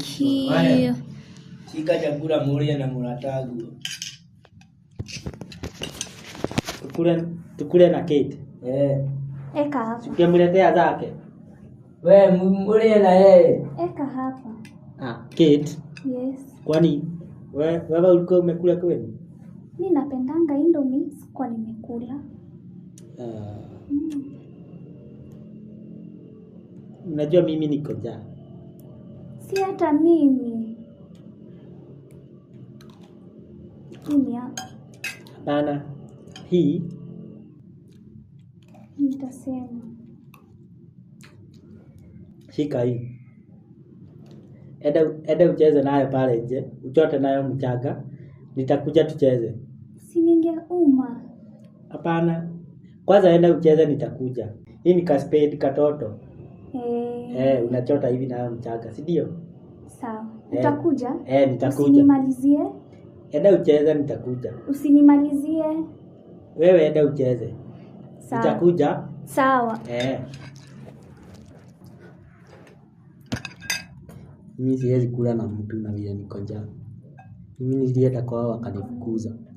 Kio. Sika chakula mulia na muratagua. Tukule, tukule na Kate. Eh. Eka hapa. Ukimletea zake. We, mulie na yeye. Eka hapa. Ah, Kate. Yes. Kwani wewe ulikuwa umekula kweli? Mimi napendanga indomie kwa nimekula. Uh, mm. Unajua mimi niko njaa si hata mimi. Hii hapa. Hapana, hii nitasema. Shika hii ende ucheze nayo pale nje, uchote nayo mchanga, nitakuja tucheze. uma Hapana, kwanza ende ucheze, nitakuja. Hii ni kaspedi katoto eh eh, mm. unachota hivi na mchanga, si ndio? Sawa, utakuja eh, eh? Nitakuja. Usinimalizie, enda ucheze. Nitakuja. Usinimalizie wewe, enda ucheze. Sawa, nitakuja. Sawa eh. Mimi siwezi kula na mtu na vile niko Mimi nilienda kwao wakanifukuza.